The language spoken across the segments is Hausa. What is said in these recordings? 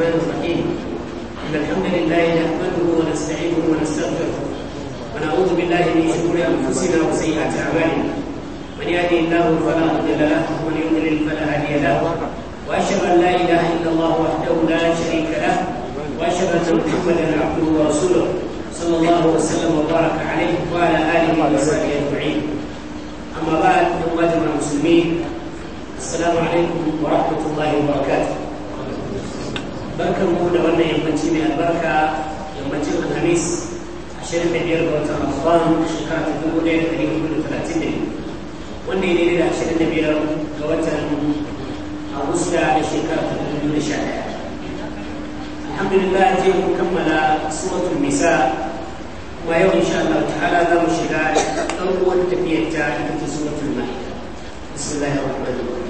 الرحمن الرحيم إن الحمد لله نحمده ونستعينه ونستغفره ونعوذ بالله من شرور أنفسنا وسيئات أعمالنا من يهده الله فلا مضل له ومن يضلل فلا هادي له وأشهد أن لا إله إلا الله وحده لا شريك له وأشهد أن محمدا عبده ورسوله صلى الله وسلم وبارك عليه وعلى آله وصحبه أجمعين أما بعد أمة المسلمين السلام عليكم ورحمة الله وبركاته barkan mu da wannan yammaci mai albarka yammacin alhamis ashirin da biyar ga watan ramadan shekara ta dubu ɗaya da ɗari hudu da talatin da biyu wanda ya daidai da ashirin da biyar ga watan agusta da shekara ta dubu da sha ɗaya alhamdulillah je mu kammala suratul nisa kuma yau insha Allah ta'ala za mu shiga ɗan uwan tafiyar ta ita ta suratul ma'ida bismillahir rahmanir rahim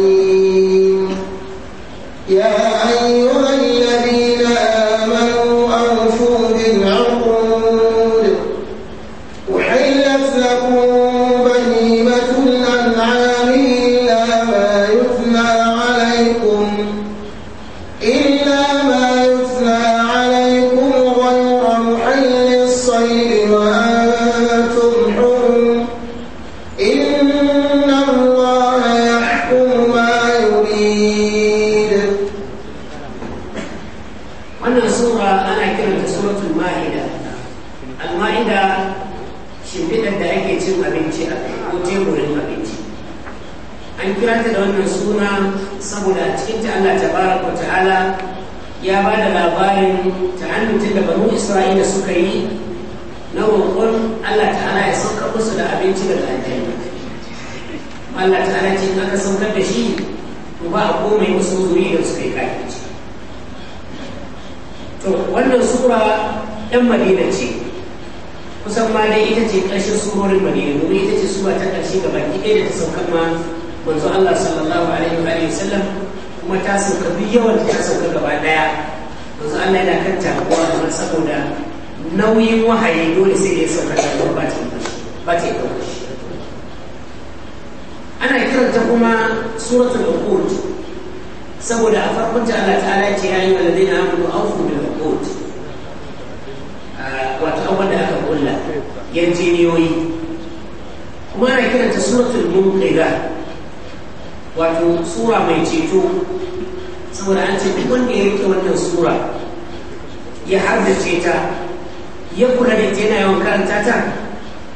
ya kula da ita yawan karanta ta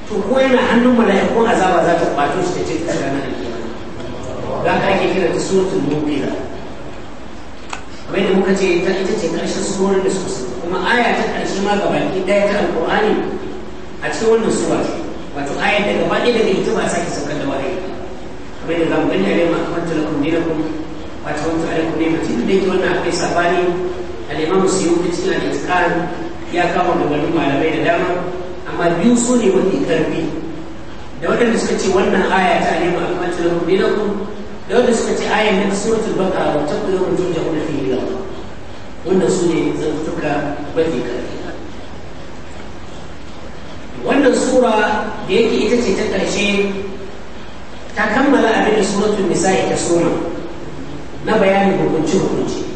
to ko yana hannun mala'ikun azaba za ta kwato shi ta ce ta ranar alkiyama don ka ake kira ta suratul mubira kamar da muka ce ta ita ce karshen surorin da suka kuma aya ta karshe ma ga baki ɗaya ta alƙur'ani a cikin wannan sura wato ayar da gaba ɗaya daga ita ba a sake saukar da wahayi kamar da za mu gani a yau ma kamar talakun dinakum wato wata alaikum ne mutum da yake wannan akwai sabani al'imamu suyuti cikin al'itikarin ya kama gabanin malamai da dama amma biyu su ne wani karfi da waɗanda suka ce wannan aya ta nema almatin rabu dinakum da waɗanda suka ce aya na suratul baqara wa taqulu da kuma fi Allah wannan su ne zantuka mafi karfi wannan sura da yake ita ce ta ƙarshe ta kammala abin da suratul nisa'i ta soma na bayanin hukunci hukunci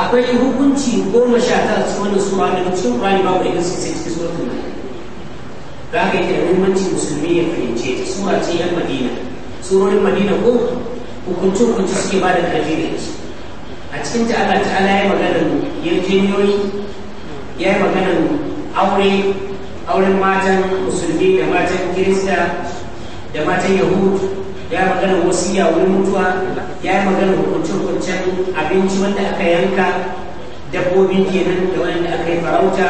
akwai hukunci goma sha tara cikin wannan sura da cikin Qur'ani babu irin su sai cikin suratul Maryam da ga yake da muhimmanci musulmi ya fahimce ta sura ce yan Madina surorin Madina ko hukunci hukunci suke ba da karfi da shi a cikin ta Allah ta'ala ya magana yarjejeniyoyi ya yi magana aure auren matan musulmi da matan kirista da matan yahudu ya magana wasiya wurin mutuwa ya yi magana hukunce-hukuncen abinci wanda aka yanka dabbobi kenan da wanda aka yi farauta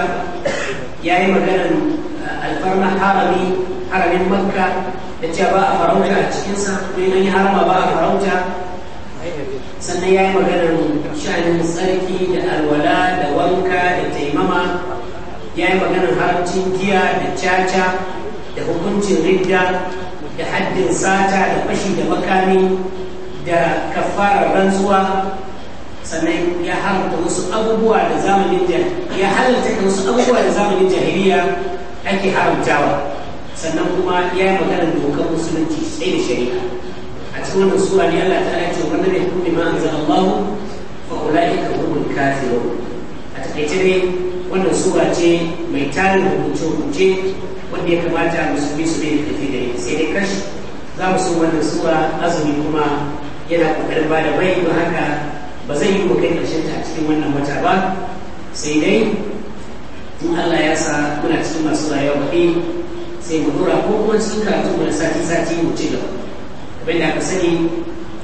ya yi magana uh, alfarma harami haramin makka da cewa ba a farauta a cikinsa ko an yi harama ba a farauta sannan ya yi maganar sha'anin tsarki da alwala da wanka da taimama ya yi maganar haramcin giya da caca da hukuncin ridda haddin sata da fashi da makami da kafarar rantsuwa sannan ya haramta wasu abubuwa da zamanin ya halarta wasu abubuwa da zamanin jahiliya ake haramtawa sannan kuma ya yi da dokar musulunci sai da shari'a a cikin wannan suwa ne Allah ta ce wanda ne kuɗi ma anzal Allah fa ka humul kafirun a takaice ne wannan suwa ce mai tarin rubuce-rubuce wanda ya kamata musulmi su ne da sai dai kashi za mu so wannan suwa azumi kuma yana kokarin ba da bai ba haka ba zai yi kai karshen ta cikin wannan wata ba sai dai in Allah ya sa kuna cikin masu rayuwa baɗi sai mu dora ko kuma cikin karatu mu sati sati mu ci gaba abin da aka sani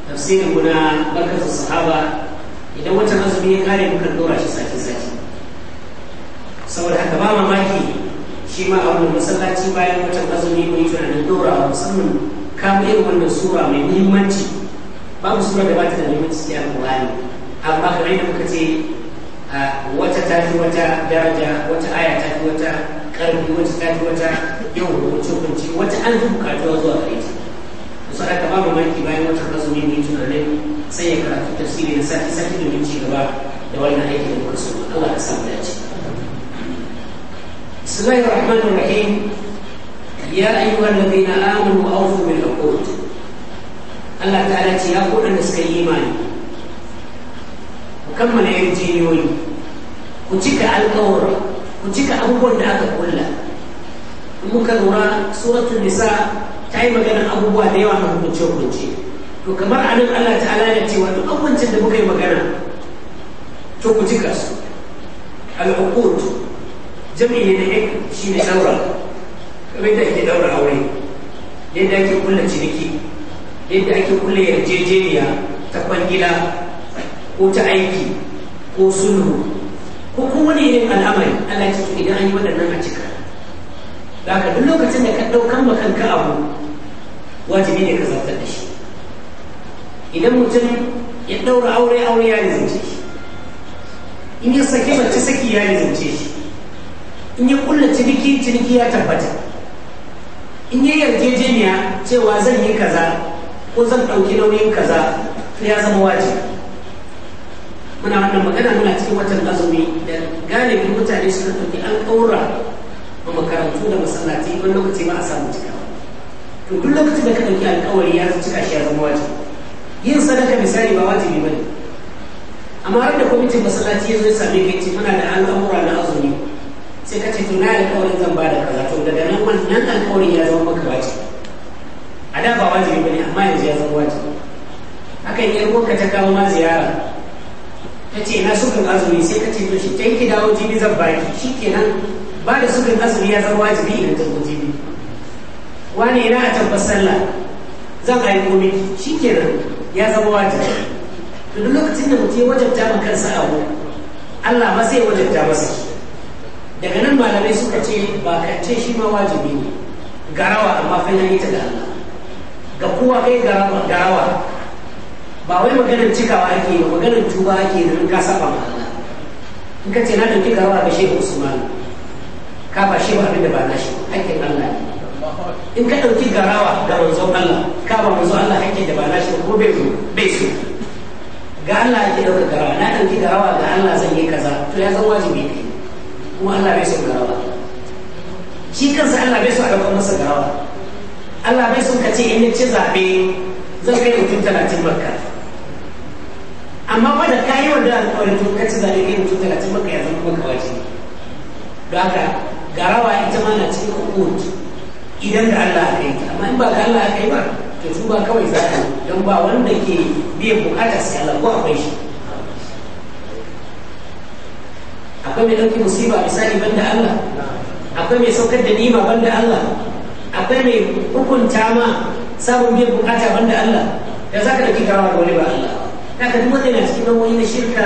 tafsirin mu na barkatu sahaba idan wata azumi ya kare mukan dora shi sati sati saboda haka ba mamaki shi ma a masallaci bayan wata azumi mai tunanin dora musamman kamar irin wannan sura mai muhimmanci babu sura da ba ta da muhimmanci ya alƙur'ani amma kamar yadda muka ce wata ta fi wata daraja wata aya ta fi wata ƙarfi wata ta fi wata yau da wata hukunci wata an fi bukatuwa zuwa gare ta sada ka ba mulki bayan watan azumi mai tunanin sai ya karatu tafsiri na sati sati domin ci gaba da wannan aiki da kuka so Allah ka samu dace Bismillahirrahmanirrahim Ya ayuhal ladhina amanu awfu min lukud Allah Ta'ala ci aku dan sekali iman Mukammal air jiniun Kucika al-kawur Kucika abubun da aka kulla Muka dura surat nisa maganar magana da yawa a mencuk kunci To kamar anam Allah Ta'ala ya ci Waktu abun cinta bukai magana To kucika su Al-ukud jami'i ne ne shi ne saura kamar yadda ake daura aure yadda ake kulla ciniki yadda ake kulla yarjejeniya ta kwangila ko ta aiki ko sulhu ko kuma ne yin al'amari Allah ce idan an yi waɗannan a cika da aka duk lokacin da ka ɗaukan ma kanka abu wajibi ne ka zartar da shi idan mutum ya ɗaura aure aure ya zance shi in ya sake mace saki ya zance shi in yi kulla ciniki ciniki ya tabbata in yi yarjejeniya cewa zan yi kaza ko zan ɗauki nauyin kaza ya zama waje. muna wannan magana muna cikin watan azumi da galibin mutane suna ɗauki an ƙaura ma makarantu da masallaci wani lokaci ba a samu cika. to duk lokacin da ka ɗauki alƙawari ya cika shi ya zama waje yin sadaka misali ba wajibi ba ne amma har da kwamitin masallaci ya zo ya same ka ce muna da al'amura na azumi sai ka ce to da alƙawarin zan da kaza to daga nan wannan alƙawarin ya zama maka wajibi a da ba wajibi bane amma yanzu ya zama wajibi haka in yar ka ta kawo ma ziyara ta ce na sukan azumi sai ka ce to shi kai ki dawo jibi zan baki nan, ba da sukan azumi ya zama wajibi idan ta zo jibi wani ina a tabbas sallah zan aiko miki kenan, ya zama wajibi to duk lokacin da mutum ya wajabta ma kansa abu Allah ba sai wajabta masa daga nan malamai suka ce ba kance shi ma wajibi ne garawa amma fa yayi ta da Allah ga kowa kai garawa garawa ba wai maganar cikawa ake yi maganar tuba ake yi ka saba ma Allah in ka ce na dauki garawa ga Sheikh Usman ka ba shi abin da ba na shi hakkin Allah ne in ka dauki garawa ga manzo Allah ka ba manzo Allah hakkin da ba na shi ko bai bai su ga Allah ya dauka garawa na dauki garawa ga Allah zan yi kaza to ya zan wajibi ne kuma Allah bai son garawa shi kansa Allah bai son a ɗaukar masa garawa Allah bai son ka ce in ci zaɓe zan kai mutum talatin barka amma ba da kayi wanda alƙawarin ka kaci zaɓe kai mutum talatin barka ya zama maka wajibi don haka garawa ita ma na cikin hukut idan da Allah aka yi ta amma in ba ka Allah aka yi ba to ba kawai za ka don ba wanda ke biyan buƙatar sai Allah ko akwai shi akwai mai ɗauki musiba misali banda Allah akwai mai saukar da nima banda Allah akwai mai hukunta ma samun biyan bukata banda Allah da za ka ɗauki kawo da wani ba Allah na ka duma zai cikin wani na shirka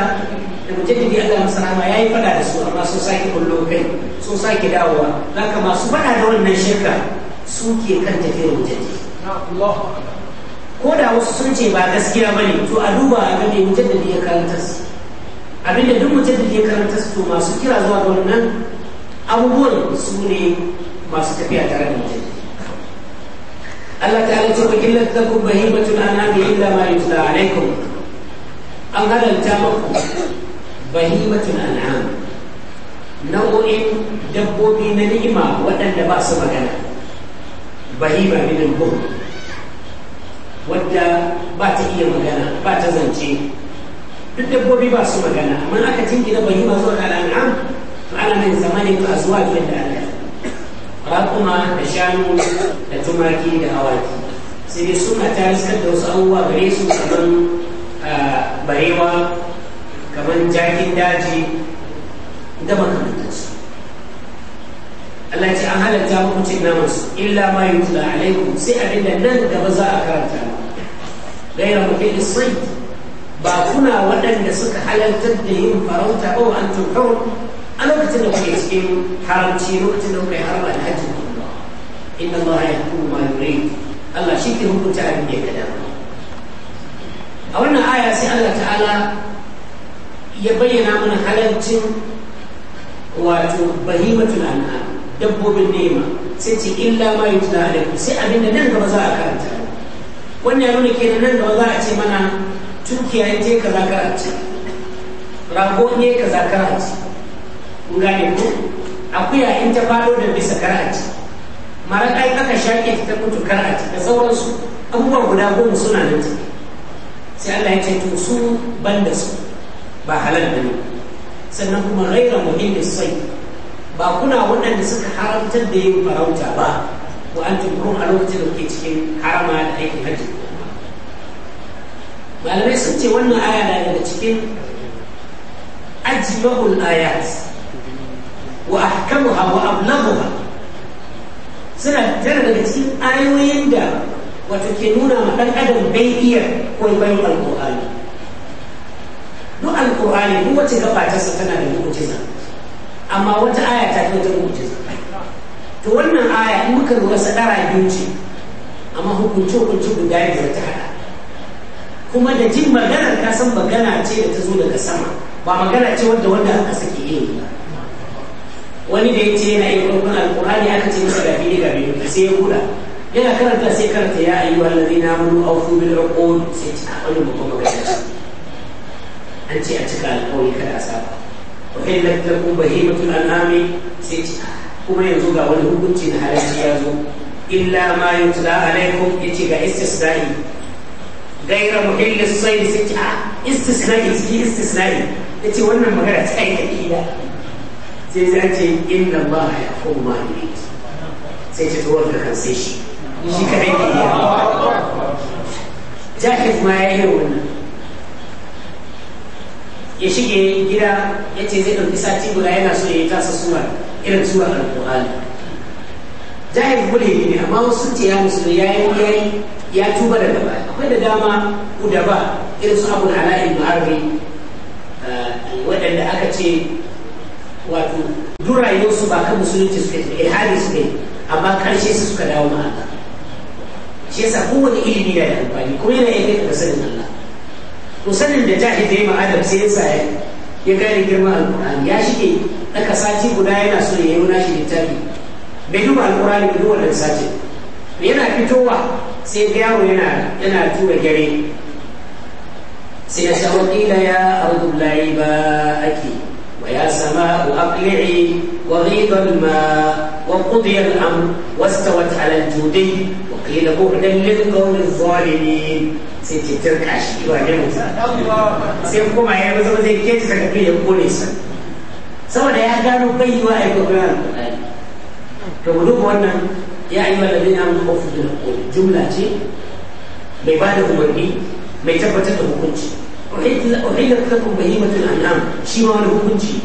da mujaddidi Allah masa rahama ya yi faɗa da su amma sun sake kullo kai sun sake dawowa za ka masu faɗa da wannan shirka su ke kan tafiyar mujaddidi ko da wasu sun ce ba gaskiya ba ne to a duba a ga mai mujaddidi ya karanta su abin da duk mutum da ke karanta su masu kira zuwa ga wannan abubuwan su ne masu tafiya tare da mutum Allah ta'ala ce tuna na da ana dama illa tuna a alaikum an halalta maku bahimatun Na nau'o'in dabbobi na ni'ima waɗanda ba su magana ba minin al wadda ba ta iya magana ba ta zance duk dabbobi ba su magana amma aka jingina bai ba zuwa ga al'am to ana zamanin ba zuwa biyar da Allah raƙuma da shanu da tumaki da awaki sai dai suna ta da wasu abubuwa gare su kamar barewa kamar jakin daji da makamantarsu Allah ce an halatta muku cin namansu illa ma yutla alaikum sai nan da nan gaba za a karanta gaira mu kai ba kuna waɗanda suka halartar da yin farauta ko an tunkar a lokacin da kuke cikin haramci lokacin da kuka harba da hajji inna ma ya kuma ma yuri Allah shi ke hukunta abin da ya ga a wannan aya sai Allah ta'ala ya bayyana mana halarcin wato bahimatul an'am dabbobin nema sai ce illa ma yutla alaikum sai abin da nan gaba za a karanta wannan ya nuna kenan nan gaba za a ce mana dukiya ya je kaza kana ci rago ne kaza kana ci kun gane ku akuya in ta falo da bisa kana ci marar ai aka shaƙe ta mutu kana ci da sauransu abubuwan guda goma suna nan ciki sai Allah ya ce to su ban da su ba halal da ne sannan kuma raira muhimmin sai ba kuna waɗanda suka haramtar da yin farauta ba wa an tumurun a lokacin da kuke cikin harama da aikin hajji malamai sun ce wannan aya na daga cikin ajmahul ayat wa ahkamuha wa ablaguha suna tana daga cikin ayoyin da wata ke nuna ma dan adam bai iya kwaikwayon alƙur'ani duk alƙur'ani duk wace gaba ta tana da mu'jiza amma wata aya ta fi wata mu'jiza to wannan aya in muka lura sadara biyu ce amma hukunce hukunce guda biyar ta hada kuma da jin maganar ka san magana ce da ta zo daga sama ba magana ce wadda wanda aka sake yin ba wani da ya ce yana yin ɗaukar alƙur'ani aka ce masa gafi ne gafi ne sai ya huda yana karanta sai karanta ya ayyuwa lalazi mu mulu aufu bil sai ci a wani mutum magana ce an ce a cika alƙawari kada a saba wa kai da ta bahimatul anami sai ci ah, kuma yanzu ga wani hukunci na halarci ya zo illa ma yutla alaikum yace ga istisna'i gaira muhimmin sai sun ce a istisnai ciki istisnai ya ce wannan magana ta yi tafiya sai za ce inna ba ya kuma ne sai ce kan shi ya shige gida ya ce zai ɗauki sati guda yana so ya yi tasa suwa irin suwa alƙur'ani jahil mulhimi ne amma wasu ce ya musulmi ya yi ya tuba da gaba akwai da dama udaba irin su abu da ala'in harbi eh, waɗanda aka ce wato durayen su ba kan musulunci suka yi ilhari suka yi amma karshe su suka dawo ma'aka shi yasa kowane ilimi da amfani kuma yana yin ka sanin Allah to sanin da jahil da ya ma adam sai yasa ya gane girman alƙur'ani ya shige ɗaka sati guda yana so ya yi wani shi littafi bai duba alkur'ani bai duba da sati yana fitowa sai ga yaro yana yana tura gare sai ya shawo kila ya ardu ba ake wa ya sama aqli'i wa ghida ma wa qudi al-amr wastawat ala al-judi wa qila bu'dan lil qawmi adh-dhalimin sai ce turka shi ba ne musa sai kuma ya zo zai kece daga ya kone sa saboda ya gano bai yi wa aikata to duk wannan ya ayyuha alladhina amanu awfu bil jumla ce mai ba da umarni mai tabbatar da hukunci uhillat lakum bahimatul an'am shi ma wani hukunci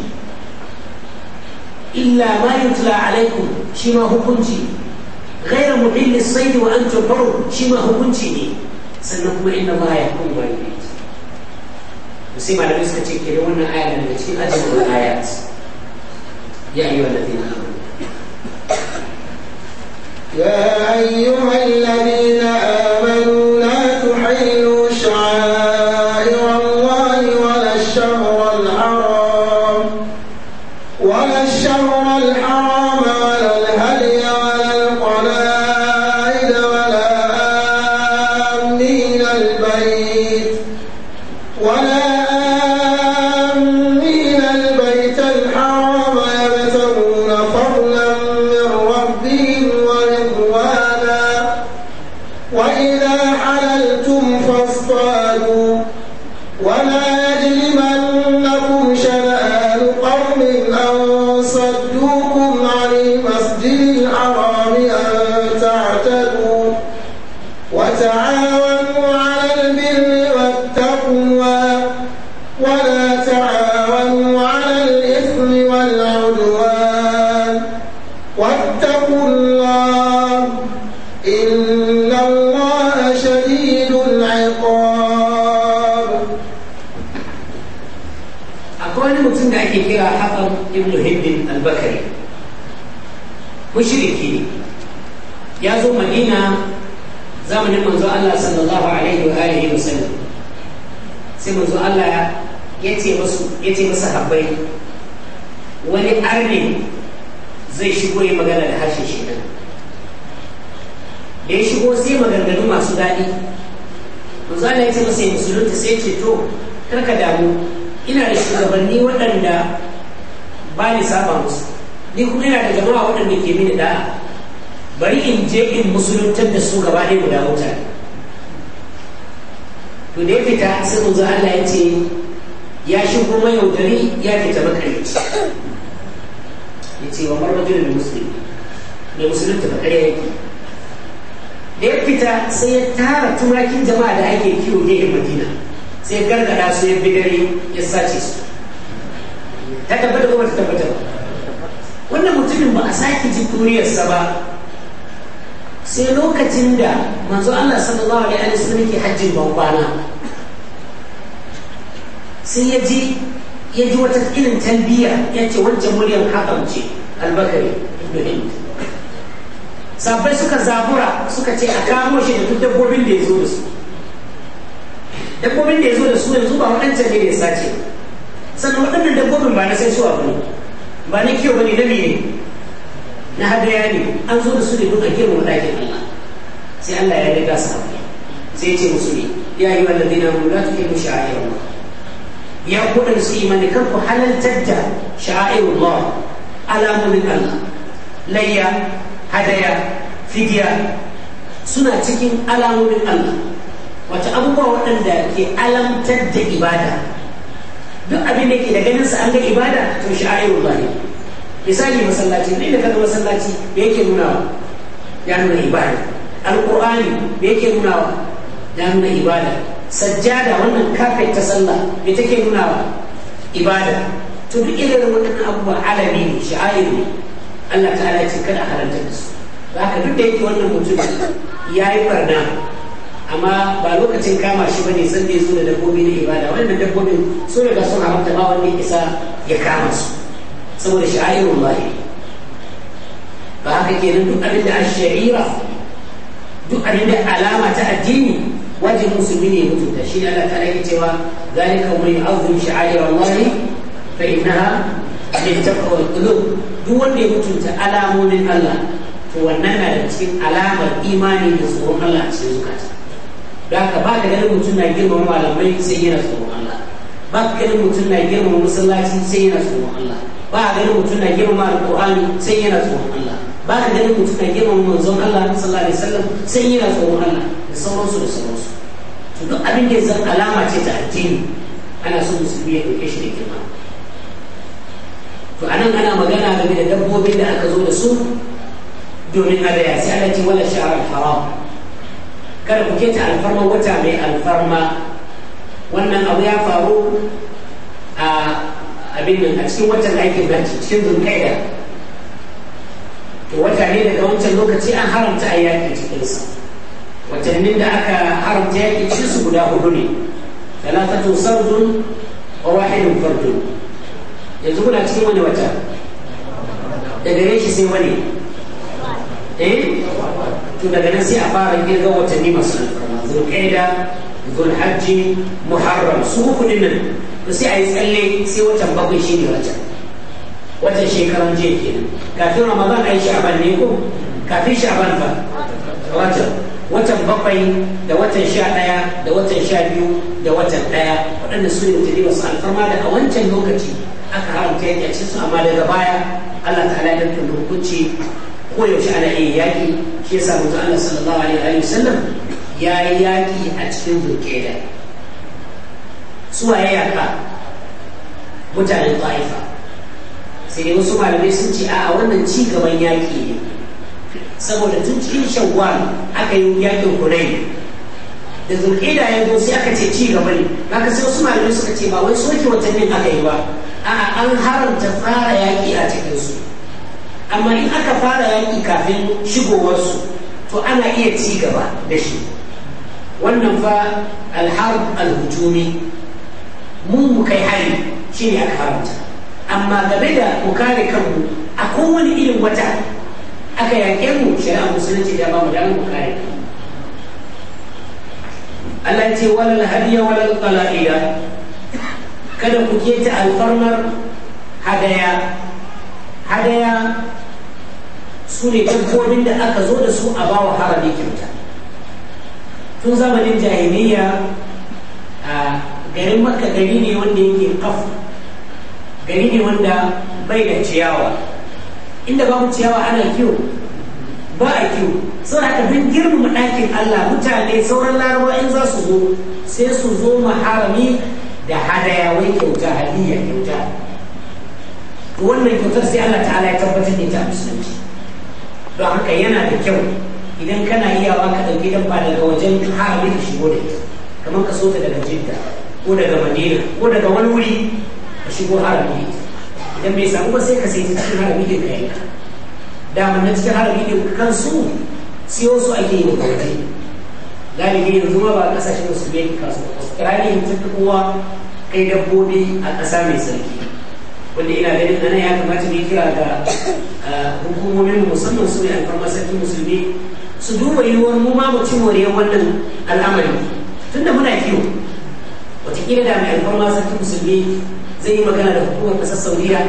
illa ma yutla alaikum shi ma hukunci غير محل الصيد وانتم حر شيما hukunci ne sannan kuma inna ma ya kun wani sai malamai ce ke wannan aya daga cikin ajiyar ya yi wa يا أيها الذين ba ni saba musu ni kuma yana da jama'a waɗanda ke mini da'a bari in je in musuluntar da su gaba ɗaya guda wuta to da ya fita sai manzo Allah ya ce ya shigo mayaudari ya fita makaryaci ya ce wa marmajin da musulmi da musulunta ba yake da ya fita sai ya tara tumakin jama'a da ake kiwo gefen madina sai gargada su ya bidare ya sace su ta tabbata ko ba ta tabbata wannan mutumin ba a sake ji kuriyarsa ba sai lokacin da manzo Allah sallallahu alaihi sallam yake hajjin bankwana sai ya ji ya ji wata irin talbiya ya ce wancan muryar hakan ce albakari ibn hind sabai suka zabura suka ce a kamo shi da duk dabbobin da ya zo da su dabbobin da ya zo da su yanzu ba waɗancan ne da ya sace ba sannan waɗannan dabbobin ba na sai suwa ba ne ba na kiyo ba ne na ne na hadaya ne an zo da su ne don a girma ɗakin Allah sai Allah ya riga su hafi sai ya ce musu ne ya yi wanda zai na mula ta kai mushi a yau ya kuɗin su imani kan ku halaltar da sha'ayin Allah alamomin Allah layya hadaya fidiya suna cikin alamomin Allah wata abubuwa waɗanda ke alamtar da ibada duk abin da ke da ganin sa an ga ibada to sha'irul lahi misali masallaci ne da kaga masallaci me yake wa ya nuna ibada alqur'ani me yake wa ya nuna ibada sajjada wannan kafet ta sallah me take nunawa ibada to duk irin wannan abubuwa alami ne sha'ir yau? Allah ta'ala ya ce kada halarta da su haka duk da yake wannan mutum ya yi barna amma ba lokacin kama shi bane sun da zo da dabbobi na ibada wannan dabbobin su riga sun haramta ba wanda isa ya kama su saboda sha'irun bayi ba haka kenan duk abin da ashari'a duk abin da alama ta addini wajen musulmi ne mutunta shi ne Allah ta yake cewa zalika wa man yu'azzim sha'ira Allah fa innaha min taqwa al-qulub duk wanda ya mutunta alamomin Allah to wannan na da cikin alamar imani da tsoron Allah a cikin zukata da haka ba ka ganin mutum na girmama malamai sai yana tsoron Allah ba ka ganin mutum na girmama masallaci sai yana tsoron Allah ba ka ganin mutum na girmama alƙur'ani sai yana tsoron Allah ba ka ganin mutum na girmama manzon Allah sallallahu alaihi wasallam sai yana tsoron Allah da sauransu da sauransu to duk abin da zan alama ce ta addini ana so musulmi ya ɗauke shi da girma to anan ana magana game da dabbobin da aka zo da su domin hadaya sai ana ce wala sha'ar haram kada ku keta alfarma wata mai alfarma wannan abu ya faru a abin nan a cikin watan da ake cikin zulkaida to wata ne daga wancan lokaci an haramta a yaƙi cikinsa watannin da aka haramta yaƙi cikin su guda hudu ne talatatu sardun wa wahidun fardun yanzu kuna cikin wani wata Da gare shi sai wani eh to daga nan sai a fara girga watanni masu alfarma zulqaida hajji, muharram su kudin nan to sai a yi tsalle sai watan bakwai shi ne watan watan shekaran jiya kenan kafin ramadan a yi sha'aban ne ko kafin sha'aban fa watan watan bakwai da watan sha ɗaya da watan sha biyu da watan ɗaya waɗanda su ne watanni masu alfarma da a wancan lokaci aka haramta yake cikin su amma daga baya Allah ta halaye da hukunci Koyaushe ana iya yaƙi, shi yasa mutum Allah sallallahu alaihi wa sallam ya yi yaƙi a cikin zulkeda suwa ya yaka mutanen ta'ifa sai dai wasu malamai sun ce a wannan ci gaban yaƙi ne saboda tun cikin shawwal aka yi yaƙin kunai da zulkeda ya zo sai aka ce ci gaba ne ba ka sai wasu malamai suka ce ba wai soke watannin aka yi ba a'a an haramta fara yaƙi a cikin su amma in aka fara yaƙi kafin shigowarsu to ana iya ci gaba da shi wannan fa alharb alhujumi mun mu kai hari shi ne aka haramta amma game da mu kare kanmu a kowane irin wata aka yaƙe mu shari'a musulunci da ba mu damar mu kare Allah ce walal hadiya walal qala'ida kada ku keta alfarmar hadaya hadaya su ne dabbobin da aka zo da su a bawa harami kyauta tun zamanin jahiliya a garin makka gari ne wanda yake kafu gari ne wanda bai da ciyawa inda babu ciyawa ana kiwo ba a kiwo sau da bin girma ɗakin allah mutane sauran larabawa in za su zo sai su zo maharami harami da wai kyauta hadiyya kyauta wannan kyautar sai allah ta'ala ya tabbatar da ita musulunci don haka yana da kyau idan kana iya ka ɗauki dabba daga wajen harami ka shigo da ita kamar ka so ta daga jidda ko daga madina ko daga wani wuri ka shigo harami idan bai samu ba sai ka sai cikin harami ɗin ka yanka damar na cikin harami ɗin kansu siyo su ake yi kyautai galibi yanzu ma ba ƙasashen musulmi kasuwa rani ta kowa kai dabbobi a ƙasa mai sarki wanda yana ganin ana ya kamata ne kira ga eh, hukumomin musamman su ne alfarma sarki musulmi su duba yiwuwar mu ma mutum wariyar wannan al'amari tunda muna kiwo wataƙila da mai alfarma sarki musulmi zai yi magana da hukumar ƙasar saudiya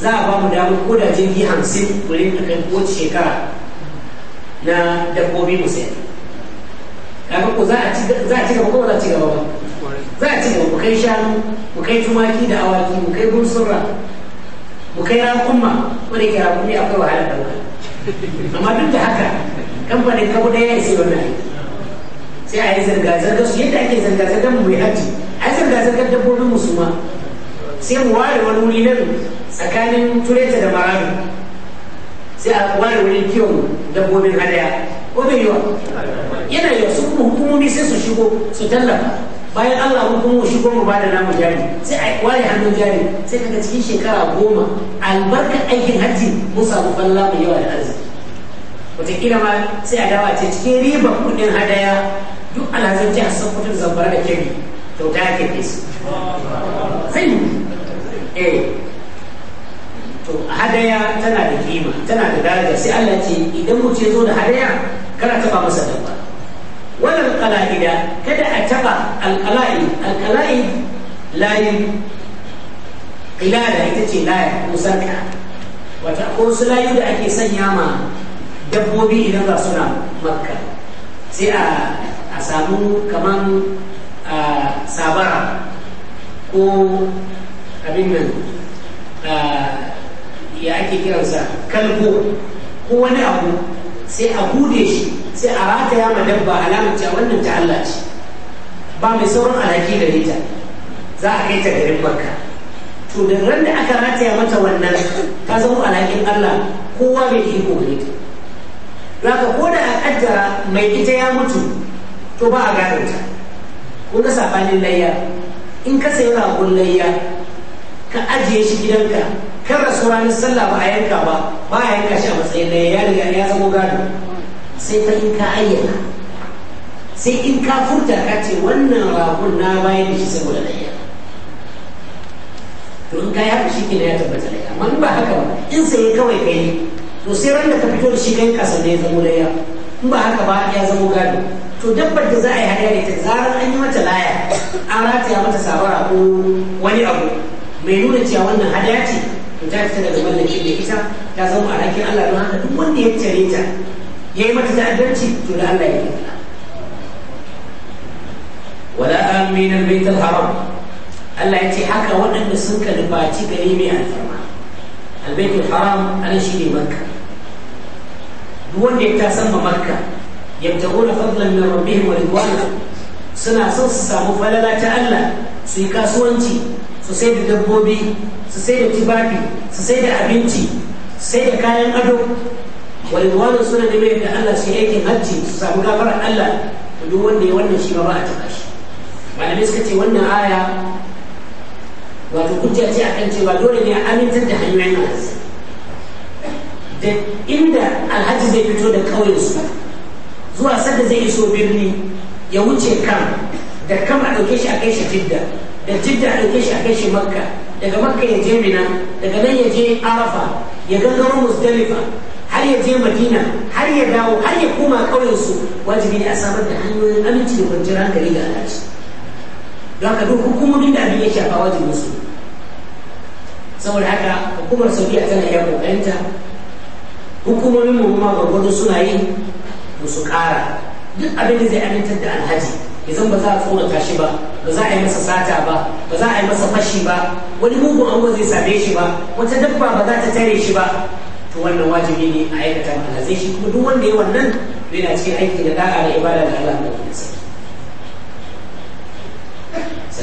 za a ba mu damar ko da jirgi hamsin wurin a kai kowace shekara na dabbobi musayi kafin ko za a ci gaba ko ba za a ci gaba ba za a ci gaba mu kai shanu ku kai tumaki da awaki mu kai bunsurra mu kai raƙumma wanda ke raƙumi akwai wahalar ɗauka amma duk da haka kamfanin kabu ɗaya ya sai wannan aiki sai a yi zirga-zirga su yadda ake zirga-zirgar mu mai hajji a yi zirga-zirgar dabbobin musu ma sai mu ware wani wuri nan tsakanin tureta da maradu sai a ware wurin kiwon dabbobin hadaya ko bai yiwa yana yiwa su kuma hukumomi sai su shigo su tallafa bayan Allah mu kuma shi goma ba da namu jari sai a ware hannun jari sai kaga cikin shekara goma albarkar aikin hajji mun samu falla mai yawa da arziki wataƙila ma sai a dawa ce cikin riba kudin hadaya duk alhazin jihar sokoto da zamfara da kebbi kyauta ya kebe su zai eh to hadaya tana da kima tana da daraja sai Allah ce idan mu ce zo da hadaya kana taba masa dabba wala alqala'ida kada a taba alƙalai alqala'id layin qilada ita ce laya ko sarka wata ko su layu da ake sanya ma dabbobi idan za suna makka sai a samu kaman sabara ko abin nan ya ake kiransa kalbo ko wani abu sai a bude shi sai a rataya ma dabba alamar cewa wannan ta Allah ce ba mai sauran alaki da ita za a kai ta garin barka to da ran da aka rataya mata wannan ta zama alhakin Allah kowa bai iko ne ta zaka ko da a mai ita ya mutu to ba a gadon ta ko na sabanin layya in ka sayi ragon layya ka ajiye shi gidanka kan rasuwa ranar sallah ba a yanka ba ba a yanka shi a matsayin da ya riga ya zama gado sai fa in ka ayyana sai in ka furta ka ce wannan ragon na bayan da shi saboda layya to in ka ya fi shi ke ya tabbata da amma in ba haka ba in sai kawai ka yi to sai ran da ka fito da shi kan yanka ne ya zama layya in ba haka ba ya zama gado to dabbar da za a yi haya da ita zarar an yi mata laya an rataya mata sabara ko wani abu mai nuna cewa wannan hadaya ce ta fita daga mallakin da ita ta zama a alhakin Allah don haka duk wanda ya tare ta ya yi mata ta'addanci to da Allah ya yi wala amina bait haram Allah ya ce haka waɗanda sun kalbaci gari mai alfarma al haram ana shi ne makka duk wanda ya ta ba makka yabtaguna fadlan min rabbihim wa ridwana suna son su samu falala ta Allah su yi kasuwanci su sai da dabbobi su sai da tufafi su sai da abinci su sai da kayan ado wani suna mai da Allah su yi aikin hajji su samu gafarar Allah da duk wanda ya wannan shi ba ba a taɓa shi malamai suka ce wannan aya wato hujja ce a kan cewa dole ne a amintar da hanyoyin hajji da inda alhaji zai fito da ƙauyensu zuwa sanda zai iso birni ya wuce kan da kama ɗauke shi a kai shi fidda da jidda a ke shi shi makka daga makka ya je mina daga nan ya je arafa ya gangaro musdalifa har ya je madina har ya dawo har ya koma ƙauyensu wajibi ne a samar da hanyoyin aminci da kwanciyar hankali da alhaji. don haka duk hukumomin da abin ya shafa wajibin su saboda haka hukumar saudiya tana iya ƙoƙarinta hukumomin mu kuma gwagwado suna yi musu ƙara duk abin da zai amintar da alhaji yanzu ba za a tsorata shi ba ba za a yi masa sata ba ba za a yi masa fashi ba wani mugun abu zai same shi ba wata dabba ba za ta tare shi ba to wannan wajibi ne a aikata mana zai shi kuma duk wanda ya wannan yana cikin aiki da da'a da ibada da Allah da wani sai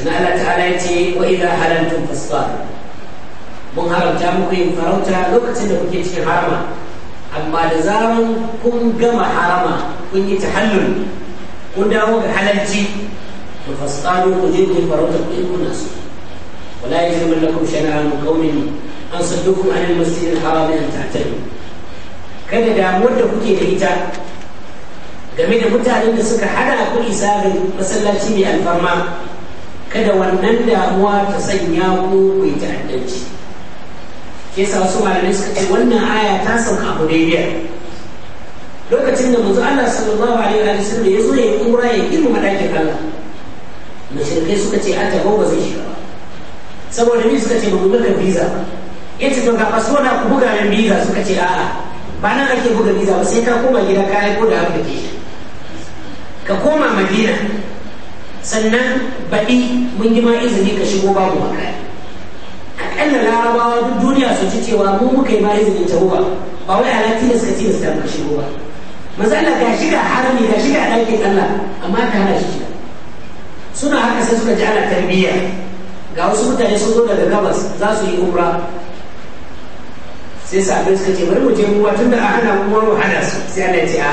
Allah ta'ala ya ce wa idza halantum mun haramta muku yin farauta lokacin da kuke cikin harama amma da zaran kun gama harama kun yi tahallul kun dawo ga halalci to fasqalu qudin farauta in kuna su. wala yajriman lakum shana'an qawmin an saddukum an al-masjid al-haram an ta'tadu kada damuwar da kuke da ita game da mutanen da suka hana ku isarin masallaci mai alfarma kada wannan damuwa ta sanya ku ku yi ta'addanci ke sa wasu malamai suka ce wannan aya ta sauka abu daidai lokacin da manzo Allah sallallahu alaihi wa sallam ya zo ya umra ya girma madakin Allah mushrikai suka ce hatta tabo ba zai shiga ba saboda ni suka ce ba mu visa ba yace to ga fasfo na ku buga ran visa suka ce a'a ba nan ake buga visa ba sai ka koma gida ka ko da application ka koma Madina sannan baɗi mun gima ma izini ka shigo babu makaya ƙalla larabawa duk duniya su ci cewa mu muka yi ma izinin taho ba ba wai alati da suka su ka shigo ba maza Allah ga shiga harami ga shiga ɗakin Allah amma ka hana shi suna haka sai suka ji ana tarbiyya ga wasu mutane sun zo daga gabas za su yi umra sai sabbin suka ce bari mu je ruwa tun da a kuma mu mu hana su sai Allah ya ce a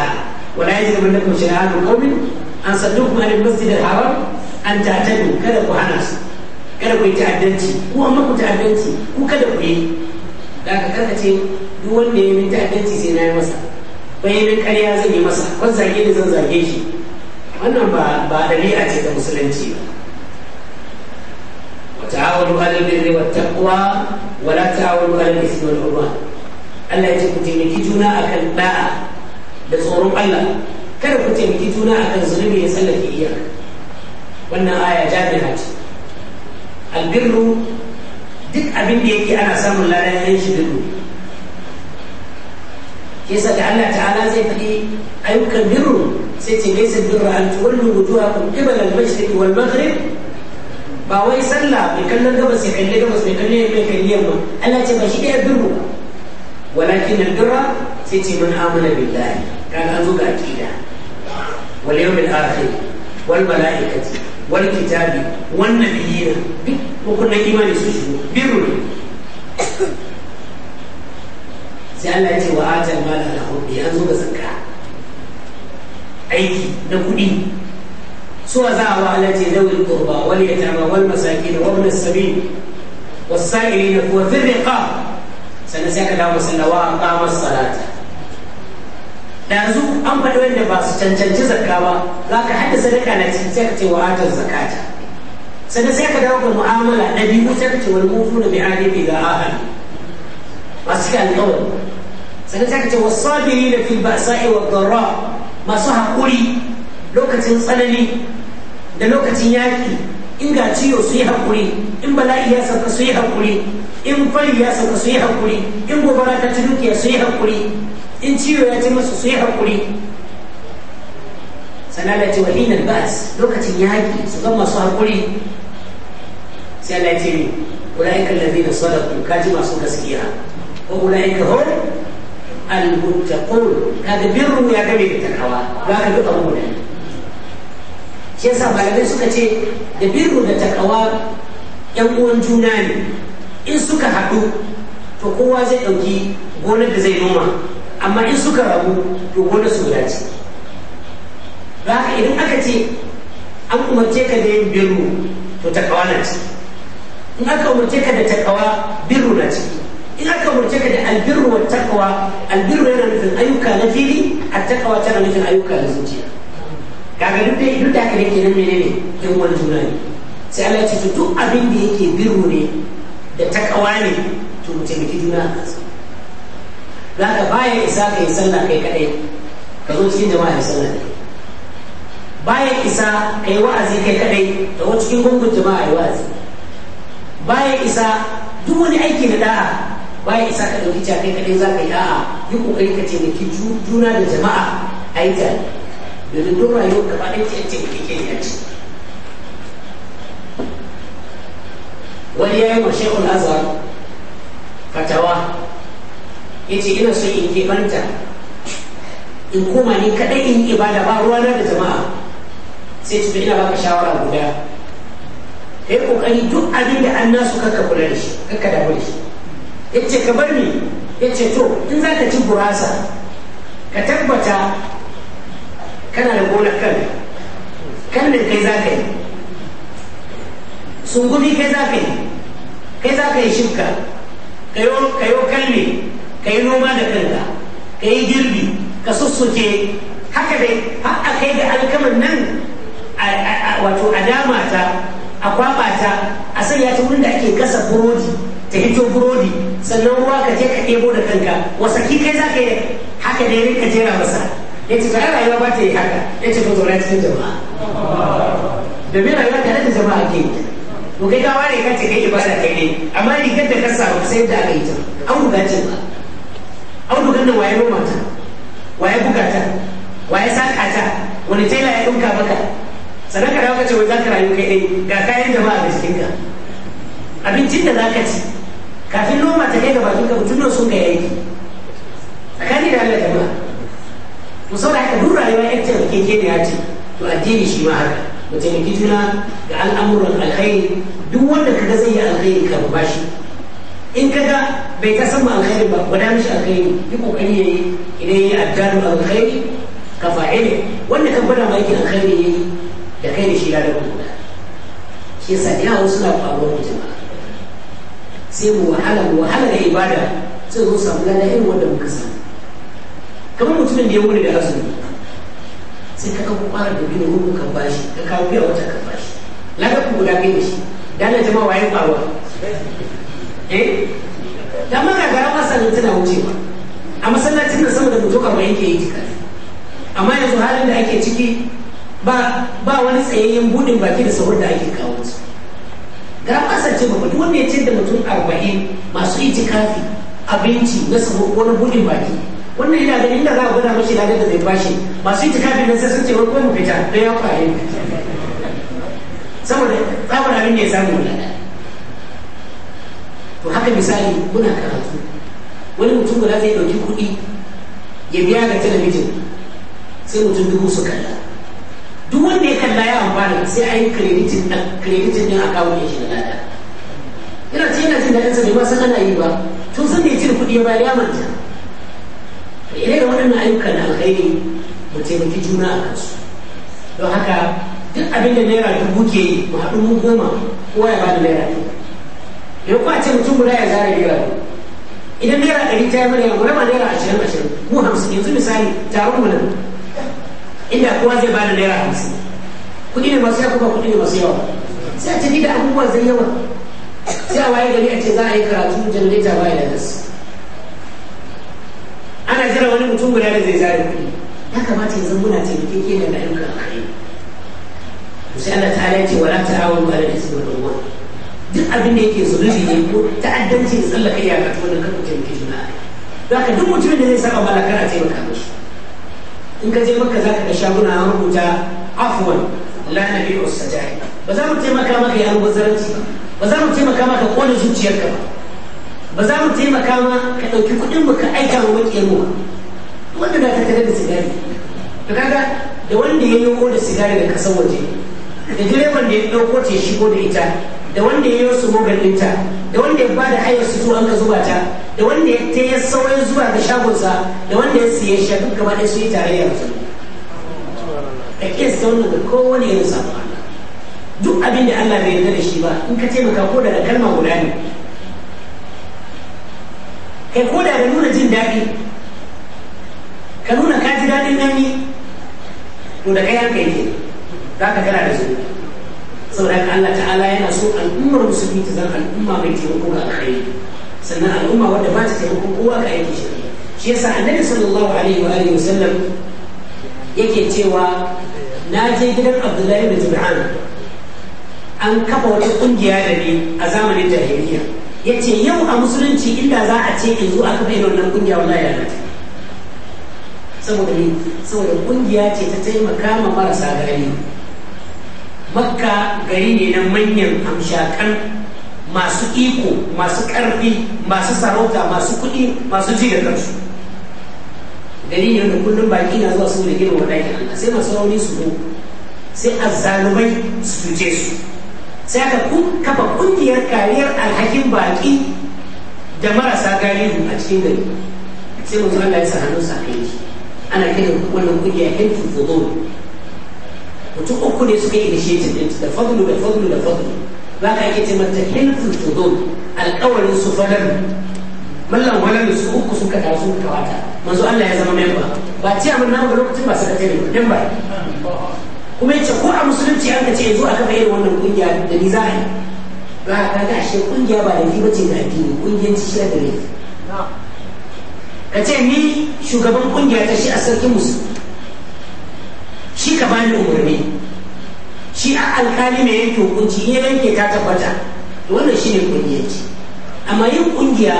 wala yajibu lakum shay'an qawmin an sadu kuma ne masjidar haram an ta'tadu kada ku hana su kada ku yi ta'addanci ku amma ku ta'addanci ku kada ku yi da aka karkace duk wanda ya yi ta'addanci sai na yi masa bayanin ƙarya zan yi masa wani zage da zan zage shi wannan ba ba ɗabi'a ce ta musulunci ba wa ta'awadu alal birri wat taqwa wa la ta'awadu alal ismi wal udwan Allah ya ce ku taimaki juna akan da'a da tsoron Allah kada ku taimaki juna akan zunubi ya sallake iyaka wannan aya jami'a ce albirru duk abin da yake ana samun ladan yan shi birru yasa da Allah ta'ala zai faɗi ayyukan birru sai ce laysa birra an tuwallu wujuhakum qibala al-mashriq wal maghrib ba wai sallah mai kallon gabas ya kalli gabas mai kallon yamma kalli yamma Allah ce ba shi da birru walakin al-birra sai ce man amana billahi kaga an zo ga aqida wal yawmil akhir wal malaikati wal kitabi wan nabiyina duk hukunan imani su shigo birru sai Allah ya ce wa atal mala ala hubbi an zo ga zakka aiki na kudi so za a wa Allah ce dawil qurba wal yatama wal masakin wa ibn as-sabil was sa'ilin wa fi riqab sannan sai ka dawo sallawa aqama as-salata yanzu an faɗi wanda ba su cancanci zakka ba za ka haɗa sadaka na cikin sai ka ce wa atal zakata sannan sai ka dawo ga mu'amala ɗabi'u sai ka ce wal mufuna bi adibi da ahli masu cika alƙawari oh. sannan sai ka ce wasabiri da fi ba'sa'i wa dharra masu haƙuri lokacin tsanani da lokacin yaƙi in ga ciwo su yi haƙuri in bala'i ya sauka su yi haƙuri in fari ya sauka su yi haƙuri in gobara ta ci dukiya su yi haƙuri in ciwo ya ci musu su yi haƙuri sannan da ce wahinan ba'as lokacin yaƙi su zama masu haƙuri sai Allah ya ce ne ula'ikan lazina sadaqu kaji masu gaskiya وأولئك هم المتقون هذا بر يا جميع التقوى ذاك بقبول shi yasa malamai suka ce da birru da takawa yan uwan juna ne in suka haɗu to kowa zai ɗauki gonar da zai noma amma in suka rabu to gonar su guda ce don haka idan aka ce an umarce ka da yin birru to takawa na ce in aka umarce ka da takawa birru na ce in aka umarce ka da albirru wa taqwa albirru yana nufin ayyuka na fili a taqwa tana nufin ayyuka na zuciya kaga duk dai duk da haka yake nan menene yan wani juna ne sai Allah ya ce duk abin da yake birru ne da taqwa ne to mu taimaki juna a za ka baya isa ka yi sallah kai kadai ka zo cikin jama'a ya sallah kai bayan isa ka yi wa'azi kai kadai ka zo cikin gungun jama'a ya wa'azi bayan isa duk wani aiki na da'a ya isa ka ɗauki ja kai kaɗai za ka yi a'a yi ƙoƙari ka taimaki juna da jama'a a yi tare domin duk rayuwar gaba ɗaya ce taimaki ke ya ci. wani ya yi wa shekul azhar fatawa ya ce ina son in keɓanta in koma ni kaɗai in yi ibada ba ruwa na da jama'a sai ci ina baka shawara guda kai ƙoƙari duk abin da an nasu kakka kula da shi kakka damu da shi ya ce ka bar ni ya ce to in za ka ci gurasa ka tabbata kana da gonar kan kan ne kai za ka yi sungumi kai za ka yi kai za ka yi shimka ka yi kalme ka yi noma da kanka ka yi girbi ka sussuke haka dai har a kai da alkaman nan wato a dama ta a kwaba ta a sanya ta wurin da ake gasa burodi ta hito burodi sannan ruwa ka je ka ɗebo da kanka wasa ki kai za ka yi haka da ka jera masa ya ce ai rayuwa ba ta yi haka ya ce ko zauna cikin jama'a bi rayuwa ta da jama'a ke to kai ka ware ka ce kai ibada kai ne amma ni da ka samu sai da aka yi ta an buga ce ba an buga da waye roma ta waye buga ta waye saka ta wani tela ya ɗauka maka sannan ka dawo ka ce wai za ka rayu kai ne ga kayan jama'a da cikin ka abincin da za ka ci kafin noma ta kai ga bakin ka mutum sun ga yanki tsakani da Allah jama'a musamman haka duk rayuwa yan taimakeke ne ya ce to addini shi ma haka mu taimaki juna ga al'amuran alkhairi duk wanda kaga zai yi alkhairi ka ba shi in ka ga bai ta san alkhairi ba gwada mishi alkhairi yi kokari yayi idan yayi addalu alkhairi ka fa'ile wanda ka gwada ma yake alkhairi yayi da kai da shi ya da kuma shi yasa wasu na suna mutum sai mu wahala mu wahala da ibada sai zo samu lana irin wanda muka samu kamar mutumin da ya wuri da azumi sai ka kawo kwara da biyu rubu kan bashi ka kawo biya wata kan bashi na ka guda kai da shi da na jama'a waye kwaruwa eh da ma ga gara sanin tana wucewa a masallacin nan sama da mutu kamar yake yi tikar amma yanzu halin da ake ciki ba wani tsayayyen budin baki da sauran da ake kawo su ga kasance ba duk wanda ya ce da mutum arba'in masu itikafi abinci na sabo ko buɗin baki wannan yana da inda za a gwada mashi da da zai bashi masu itikafi kafi na sassan cewa kuma mu fita da ya kwaye saboda tsabar abin da ya samu lada to haka misali muna karatu wani mutum guda zai ɗauki kuɗi ya biya ga talabijin sai mutum dubu su kalla duk wanda ya kalla ya amfana sai a yi kreditin din a kawo ne shi da lada ina ce yana jin daɗinsa bai ma san ana yi ba tun san da ya cire kuɗi ya bayar ya manta ire da waɗannan ayyuka na alkhairi mu taimaki juna a kansu don haka duk abin da naira dubu ke yi mu haɗu mu goma kowa ya bada naira dubu ya ko a ce mutum guda ya zara naira dubu idan naira ɗari ta yi mana yamma rama naira ashirin ashirin mu hamsin yanzu misali taron mu nan inda kowa zai bada naira hamsin kuɗi ne masu yawa kuɗi ne masu yawa sai a tafi da abubuwan zai yawa sai a waye gari a ce za a yi karatu janareta ba da gas ana jira wani mutum guda da zai zare kuɗi ya kamata ya zama muna taimakeke da ayyukan alheri sai ana ta ce wala ta'awun ba da ismi wal udwan duk abin da yake zulubi ne ko ta'addanci da tsallaka iyaka to wannan kan mutum ke juna aka duk mutumin da zai saba malakar a taimaka mishi in ka je maka za ka ga shaguna an rubuta afuwan la na biyu sajari ba za mu taimaka maka yan albazaranci ba za mu taimaka maka kone zuciyarka ba ba za mu taimaka ma ka ɗauki kuɗin mu ka aika wa maƙiyar mu wanda na ta tare da sigari to kaga da wanda ya yi da sigari da kasan waje da direban da ya ɗauko ta ya shigo da ita da wanda ya yi wasu mogan ɗinta da wanda ya bada hayar su an ka zuba ta da wanda ya ta zuwa ga shagonsa da wanda ya siye shi duk gaba ɗaya su yi tare yanzu da ka kesa wannan da kowane ya samu duk abin da Allah bai yarda da shi ba in ka taimaka ko da da kalma guda ne kai ko da da nuna jin daɗi ka nuna ka ji daɗin nan to da kai hankali za ka kana da su saboda Allah ta'ala yana so al'ummar musulmi ta zama al'umma mai taimako ga alkhairi sannan al'umma wadda ba ta taimako kowa ga aikin shi shi yasa annabi sallallahu alaihi wa alihi wasallam yake cewa na je gidan Abdullahi bin Jubran an kafa wata kungiya da ni a zamanin jahiliya yace yau a musulunci inda za a ce in zo a kafa irin wannan kungiya wallahi ya ta saboda ne saboda kungiya ce ta taimaka ma marasa gani makka gari ne na manyan hamshakan masu iko masu karfi masu sarauta masu kuɗi masu ji da kansu gari ne da kullum baki na zuwa saboda girma ɗakin Allah sai masu rauni su zo sai azzalubai su tuce su sai aka kafa kungiyar kariyar alhakin baki da marasa galihu a cikin gari sai mu zo Allah ya sa hannun sa kai ana kiran wannan ƙungiya Hilful Fudul mutum uku ne suka yi initiative ɗin da fadlu da fadlu da fadlu za ka ake ce mata hilful tudun alƙawarin su fadar mallan walar su uku suka taso suka kawata manzo Allah ya zama memba ba ce amma na ga lokacin ba suka tare ba ba kuma yace ko a musulunci an ka ce yanzu aka bayar wannan kungiya da ni za a yi ba ka ga kungiya ba da ba ce da addini kungiyanci shi ka ce ni shugaban kungiya ta shi a sarkin shi ka bani umarni shi a alkali mai yanke hukunci ya yanke ta tabbata wannan shi ne kungiyanci amma yin kungiya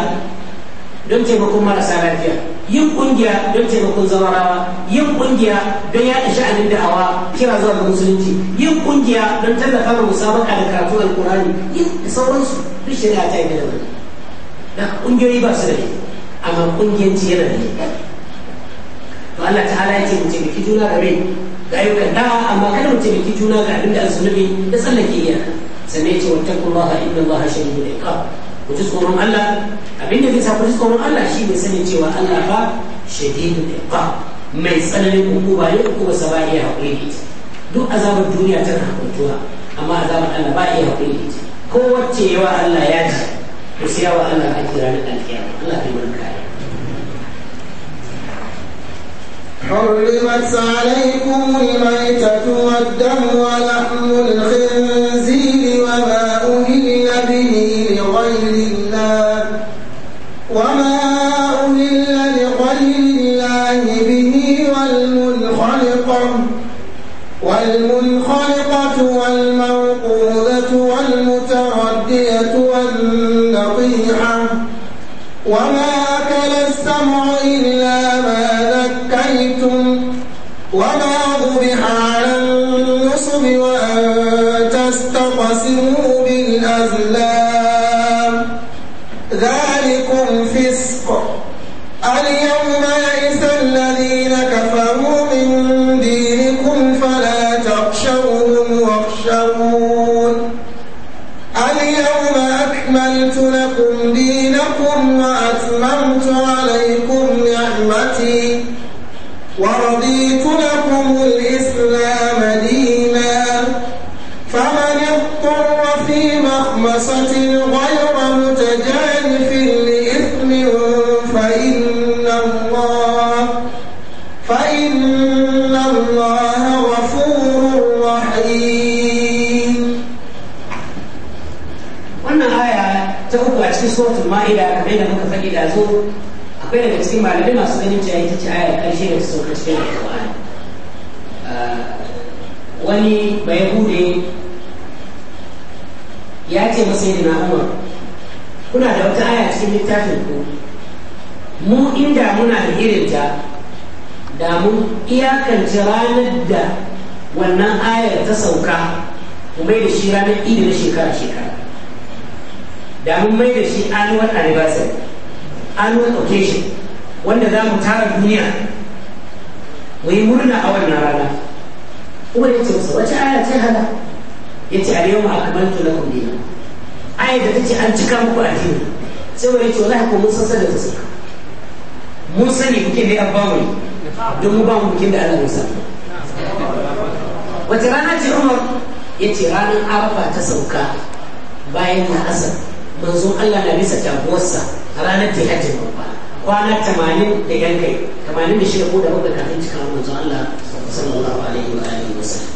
don taimakon marasa lafiya yin kungiya don taimakon zawarawa yin kungiya don yaɗa sha'anin da'awa kira zuwa ga musulunci yin kungiya don tallafa ga a da karatu alkurani yin da sauransu duk shari'a ta yi da wani na kungiyoyi ba su da ne amma kungiyanci yana da ne to Allah ta'ala ya ce mu taimaki juna da rai rayukan da'a amma kada mu taimaki juna ga abin da alsunubi da tsallake iyaka sannan ce wattaqullaha inna allaha shadidul iqab ku ji tsoron Allah abin da zai sa ku ji tsoron Allah shi ne sanin cewa Allah fa shadidul iqab mai tsananin hukuma ne hukuma sa ba iya haƙuri da duk azabar duniya tana hakuntuwa amma azabar Allah ba iya haƙuri da ita ko wacce yawa Allah ya ji ku siya wa Allah a kira na alkiyama Allah bai barka حرمت عليكم الميتة والدم ولحم الخنزير وما أهل به you cikin suratul ma'ida kamar da muka faɗi da zo akwai daga cikin malamai masu ganin cewa ita ce ayar ƙarshe da su sauka cikin alƙur'ani ah, wani bayahude ya ce masa yi na umar kuna da wata aya cikin littafin ku mu inda muna da irinta da mu iyakance ranar da wannan ayar ta sauka mu bai da shi ranar idi na shekara shekara da mun mai da shi annual anniversary annual occasion wanda za mu tara duniya mu yi murna a wannan rana umar ya ce musu wace aya ce hala. ya ce a yau ma akamaltu lakum dinakum aya da ta ce an cika muku addini sai wani ce wallahi mun san da ta saka mun sani kuke da an bamu don mu mu bikin da Allah Musa wace rana ce Umar ya ce ranar Arafa ta sauka bayan na asar manzo Allah na bisa tabuwarsa a ranar tihatin babba kwana tamanin da yan kai tamanin da shida ko da muka kafin cika manzo Allah sallallahu alaihi wa alihi wa sallam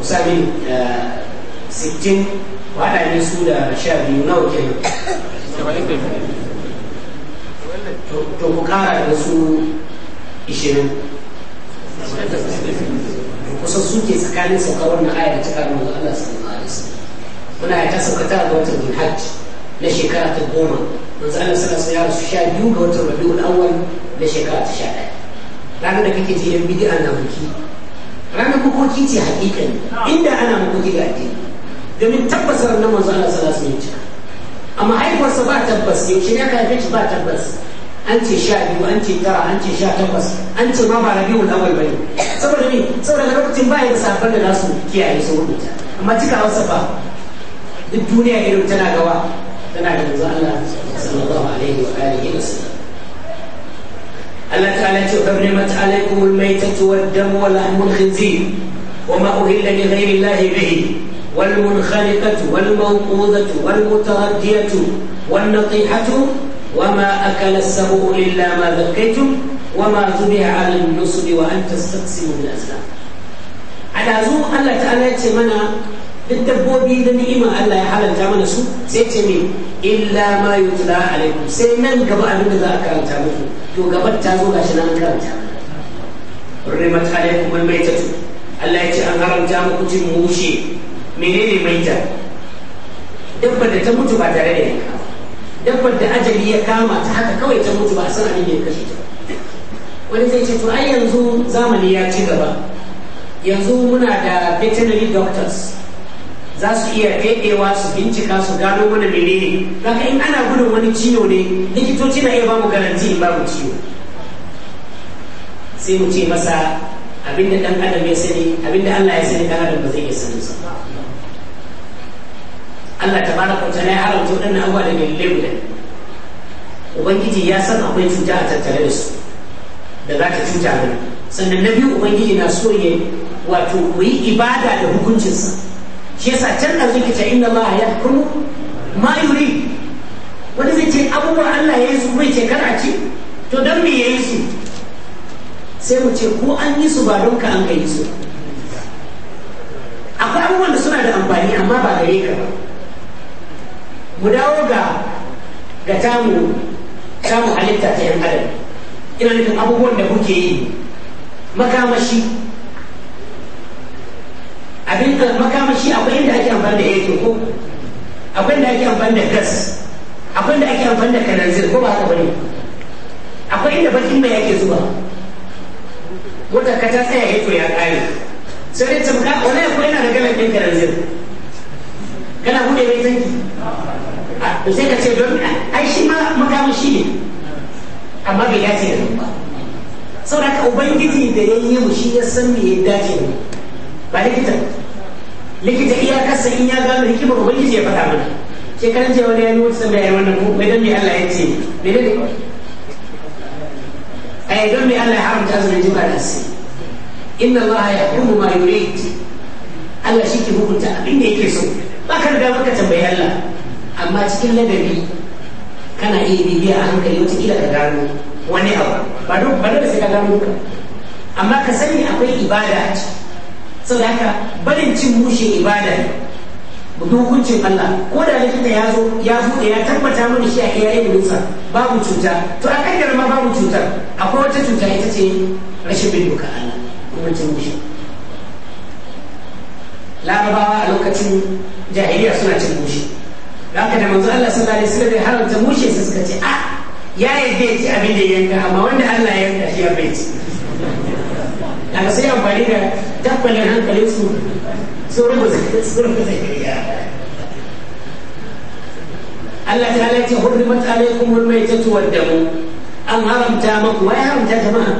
usamin eh, sittin wada ne su da sha biyu nawa kenan to ku kara da su ishirin kusan suke tsakanin saukar wannan ayar da cika manzon Allah sallallahu alaihi wa sallam muna ya sauka tara ga watan hajj na shekara ta goma manzo Allah sallallahu alaihi wasallam sha biyu ga watan rabiul awwal na shekara ta sha ɗaya ranar da kake ji yan bid'a na buki ranar bukoki ce hakikan inda ana bukoki ga addini domin tabbasar na manzo Allah sallallahu alaihi cika. amma haifarsa ba tabbas yaushe ne aka haife ba tabbas an ce sha biyu an ce tara an ce sha takwas an ce ma ba rabiul awwal bane saboda ne saboda lokacin ba ya da safar da nasu kiyaye su rubuta amma cika hausa ba duk duniya irin tana gawa tana da manzo Allah sallallahu alaihi wa alihi wasallam Allah ta'ala ce hurrimat alaikum almaytatu wad-damu wa lahmul khinzir وما وما أكل السبع إلا ما ذكيتم وما على النصب وأن تستقسموا على زوم الله تعالى يتمنى duk dabbobi da ni'ima Allah ya halanta mana su sai ce me illa ma yutla alaikum sai nan gaba abin da za a karanta mutu to gaban ta zo gashi nan karanta rimat alaikum al maitatu Allah ya ce an haramta muku cin mushe menene maita dabbar da ta mutu ba tare da yanka dabbar da ajali ya kama ta haka kawai ta mutu ba a san abin da ya kashe ta wani zai ce to ai yanzu zamani ya ci gaba yanzu muna da veterinary doctors za su iya daɗewa su bincika su gano wani menene daga in ana gudun wani ciwo ne likitoci na iya bamu garanti in babu ciwo sai mu ce masa abinda Dan adam ya sani abinda Allah ya sani Dan adam ba zai iya sani sa Allah ta bada kwanta na ya haramta waɗannan abuwa da dalilai da Ubangiji ya san akwai cuta a tattare da su da za ta cuta ne sannan na biyu Ubangiji na so ya wato ku yi ibada da hukuncinsa shi yasa can da zuke ce inna ma ya hukumu ma yuri wani zai ce abubuwan Allah ya yi su bai ce kana to don me ya yi su sai mu ce ko an yi su ba don ka an yi su akwai abubuwan da suna da amfani amma ba gare ka ba mu dawo ga ga tamu tamu halitta ta yan adam ina nufin abubuwan da kuke yi makamashi abin da makamashi akwai inda ake amfani da yake ko akwai inda ake amfani da gas akwai inda ake amfani da kananzir ko ba haka bane akwai inda bakin mai yake zuwa wata ka ta tsaya ya ya kare sai dai tamka wani akwai yana da galan ɗin kanazir kana hude mai tanki a sai ka ce don ai shi ma makamashi ne amma bai dace da ba saboda ka ubangiji da ya yi mu shi ya san me ya dace da ba likita likita iya kasa in ya gano hikimar ubangiji ya faɗa mana kan ce wani yanzu wata sanda ya wannan mu mai dan Allah ya ce me ne yi don mai Allah ya haramta azumin jima da asiri inna Allah ya hukumu ma yurid Allah shi ke hukunta abin da yake so ba ka riga maka tambayi Allah amma cikin ladabi kana iya bibiya a hankali wata kila ka gano wani abu ba da sai ka gano ka. amma ka sani akwai ibada a ciki sau da haka barin cin mushe ibada ne Allah ko da likita ya zo ya buɗe ya tabbata mana shi a iyayen bulusa babu cuta to a kan ma babu cutar akwai wata cuta ita ce rashin bin doka Allah kuma cin mushe larabawa a lokacin jahiliya suna cin mushe da haka da manzo Allah sallallahu alaihi wasallam ya haramta mushe sai suka ce a ah, ya yi ya ci abin da yanka amma wanda Allah ya yanka shi ya bai ci daga sai amfani da dabbalin hankalin su sun rubu zai kariya Allah ta halatta hurrimat alaikum an haramta maku wai haramta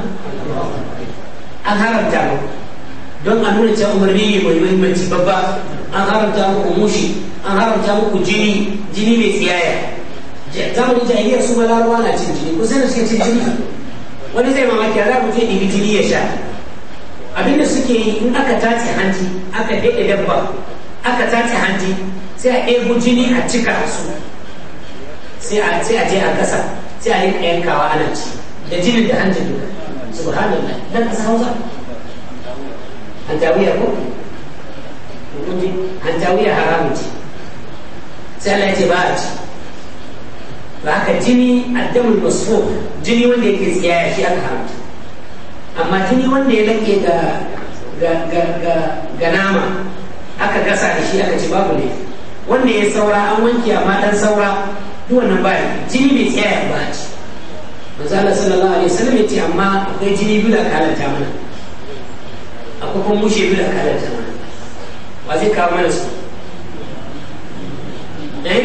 an haramta maku don a nuna umarni ne mai muhimmanci babba an haramta muku mushi an haramta muku jini jini mai tsiyaya zamanin jahiliya su ma larabawa na cin jini kusa da suke wani zai mamaki a za mu je jini ya sha abinda suke yi in aka tace hanji aka daɗe dabba aka tace hanji sai a ɗebo jini a cika su sai a ce a je a kasa sai a rinka yankawa ana ci da jini da hanji duka subhanallah dan kasa hausa hantawiya ko kuji hantawiya haramun ce sai Allah ya ce ba a ci ba haka jini a addamul masu jini wanda yake tsiyaya shi aka haramta amma jini wanda ya laƙe ga nama aka gasa da shi aka ci babu ne wanda ya saura an wanke amma dan saura duk wannan ba jini mai tsaya ba ci manzo Allah sallallahu alaihi wasallam yace amma akwai jini bila kalanta mana akwai kuma mushe bila kalanta mana wa zai kawo mana su eh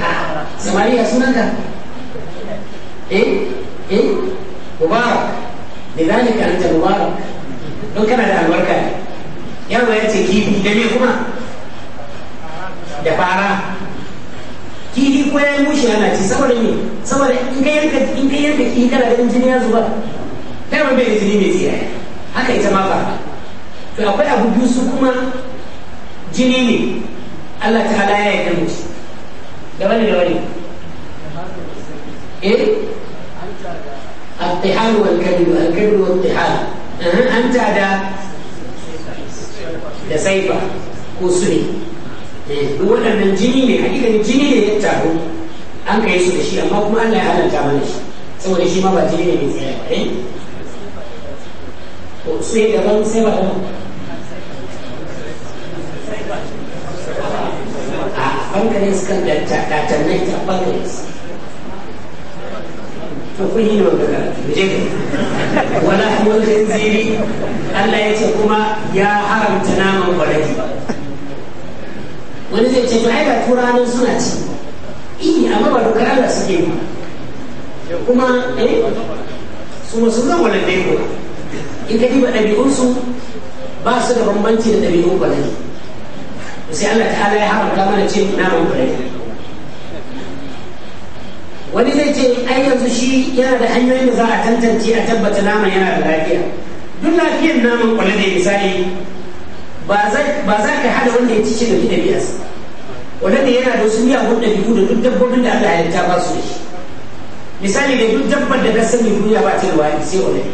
ah, samariya sunanka eh eh mubarak lidhalika anta mubarak don kana da albarka ne yaro ya ce kifi da me kuma da fara kifi ko ya mushi ana ci saboda me saboda in ka yanka in ka yanka kifi kana ganin jini ya zuba kai ban bai jini mai tsiyaye haka ita ma fara to akwai abu biyu su kuma jini ne Allah ta ya yarda mushi da wani da wani eh الطحال والكبد الكبد والطحال أنت da saifa ko sule duk waɗannan jini ne hakikan jini ne ya taru an kai su da shi amma kuma Allah ya halatta mana shi saboda shi ma ba jini ne mai tsaya ko sai da sai ba a bangaren sukan da tatanai ta فقلي من ولحم الخنزير Allah ya ce kuma ya haramta naman kwaraki wani zai ce to ai turanin suna ci iyi amma ba dokar Allah suke ba kuma eh su masu zan wannan dai ko in ka diba ɗabi'unsu ba su da bambanci da ɗabi'un kwaraki sai Allah ta'ala ya haramta mana ce naman kwaraki wani zai ce ai yanzu shi yana da hanyoyin da za a tantance a tabbata naman yana da lafiya duk lafiyar naman kwale da misali ba za ka hada wanda ya ci shi da fi ɗabi'arsa wanda yana da wasu miyagun ɗabi'u da duk dabbobin da aka halitta ba su shi misali da duk dabbar da ka sani duniya ba ta da wani sai wani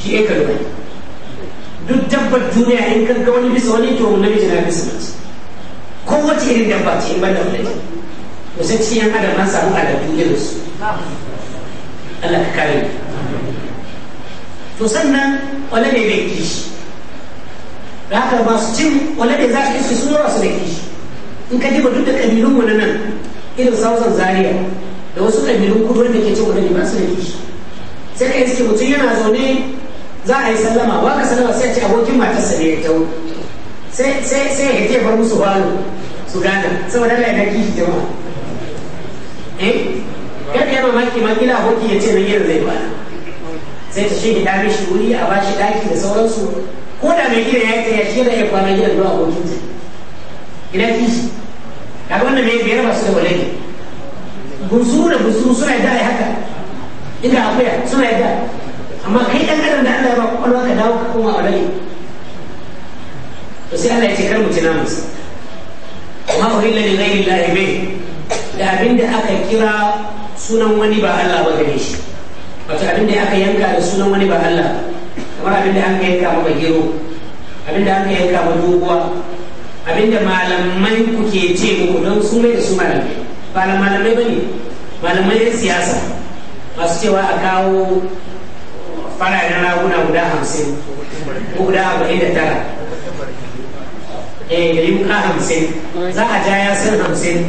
shi ya karɓa duk dabbar duniya in kanka wani bisa wani to wani na bisa mace kowace irin dabba ce in ba da wani to sai cikin yan adam an samu aladu irin su Allah ka kare to sannan wala ne bai kishi da haka masu cin wala ne za ka kishi su rasu da kishi in ka ji ba duk da kabilun mu na nan irin sauzan zaria da wasu kabilun kudu da ke cin wani ne ba su da kishi sai ka iske mutum yana zaune za a yi sallama ba ka sallama sai a ce abokin matarsa ne ya tawo sai ya sai ya bar musu walo su gana saboda Allah ya daki kishi jama'a eh kada ya ma gina hoki ya ce na yin zai ba. sai ta shege ta mishi wuri a bashi daki da sauransu ko da mai gina ya ce ya shi da ya kwana gina zuwa hokin ta ina kishi ga wannan mai biyar masu da walai buzu da buzu suna yadda ya haka inda akuya suna yadda amma kai dan adam da Allah ya ba kwakwalwa ka dawo ka koma walai to sai Allah ya ce kar mu ci Amma ma uhilla li ghairi llahi da abin da aka kira sunan wani ba Allah ba gare shi wato abin da aka yanka da sunan wani ba Allah kamar abin da aka yanka ba gero abin da aka yanka ba doguwa abin da malamai kuke ce muku don su mai da su malamai ba na malamai ba ne malamai yan siyasa masu cewa a kawo fararen raguna guda hamsin ko guda arba'in da tara eh da ka hamsin za a ja san hamsin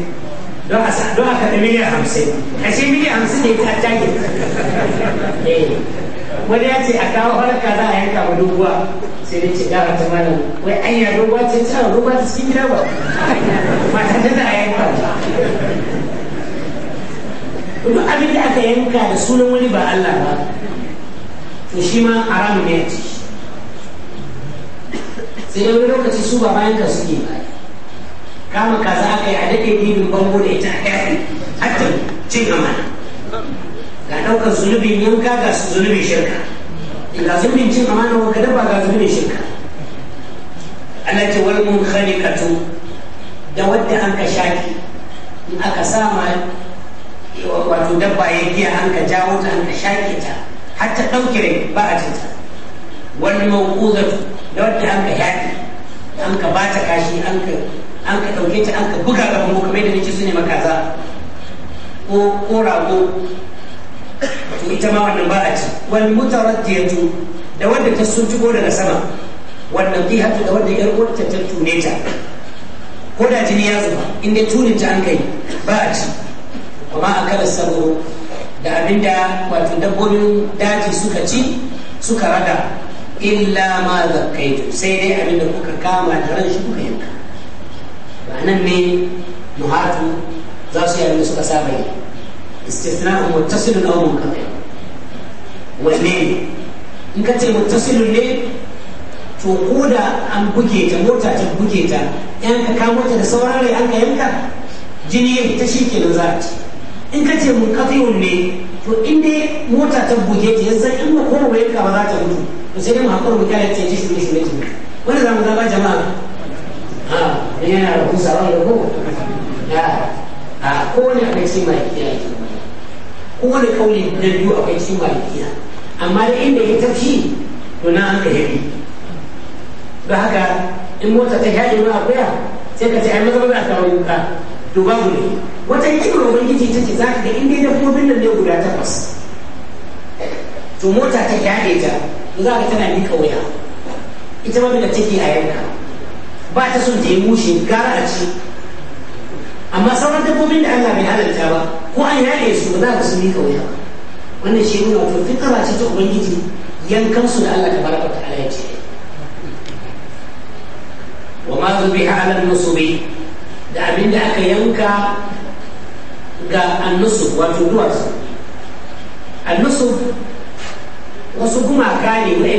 don a sa don a kaɗa miliyan hamsin ashe miliyan hamsin ne ta wani ya ce a kawo harka za a yanka wa doguwa sai dai ce gara ta malam wai an yi doguwa ce ta doguwa ta cikin gida ba mata ta za a yanka duk abin da aka yanka da sunan wani ba Allah ba to shi ma haramun ne sai wani lokaci su ba bayan ka suke ba kama kaza aka yi a daɗe dibin bango da ita a yaƙi hatta cin amana ga ɗaukar zunubin yanka ga su zunubin shirka ga zunubin cin amana wanka kada ba ga zunubin shirka Allah ce wal mun khalikatu da wadda an ka shaki in aka sama wato dabba ya giya an ka jawo ta an ka shaki ta har ta ɗauki rai ba a cinta wal mawquzatu da wadda an ka yaƙi an ka bata kashi an ka an ka ɗauke ta an ka buga ga mu kamar yadda nake su ne makaza ko ko rago to ita ma wannan ba a ci wal mutaraddiyatu da wanda ta suntugo daga sama wannan bi hatta da wanda yar uwarta ta tune ta ko da jini ya zuba in dai tunin ta an kai ba a ci a kala sabo da abinda wato dabbobin daji suka ci suka rada illa ma zakaitu sai dai abinda kuka kama da ran shi kuka yanka nan ne muhatu za su yi yanzu suka saba yi a muttasilun aw kafa. wanne ne in ka ce muttasilun ne to ko da an buge ta mota ta buge ta yan ka kamo ta da sauran rai an ka yanka jini ya fita shi kenan za a ci in ka ce mun yi ne to in dai mota ta buge ta yanzu in ma ko ba yanka ba za ta mutu to sai dai mu hakura mu kare ta ji shi ne shi ne ne za mu zama jama'a ah. yana da kusa wani da ko a kowane akwai cikin malikiya ya girma kowane kauli na biyu akwai cikin malikiya amma da inda ya tafi to na an ka yabi ba haka in mota ta shaɗe ma akuya sai ka ce ai maza maza a samu wuka to babu ne wata yi hikimar ubangiji ta ce za ka ga inda ya dabbobin nan ne guda takwas to mota ta shaɗe ta za ka tana ni wuya ita ma da take a yanka ba ta son ta yi mushi gara a ci amma sauran dabbobin da Allah bai halarta ba ko an yaye su ba za ka su mika wuya wannan shi nuna wato fitara ce ta ubangiji yankan su da Allah ta baraka ta ala ya ce wa ma zubi ala nusubi da abin da aka yanka ga annusub wato duwatsu annusub wasu gumaka ne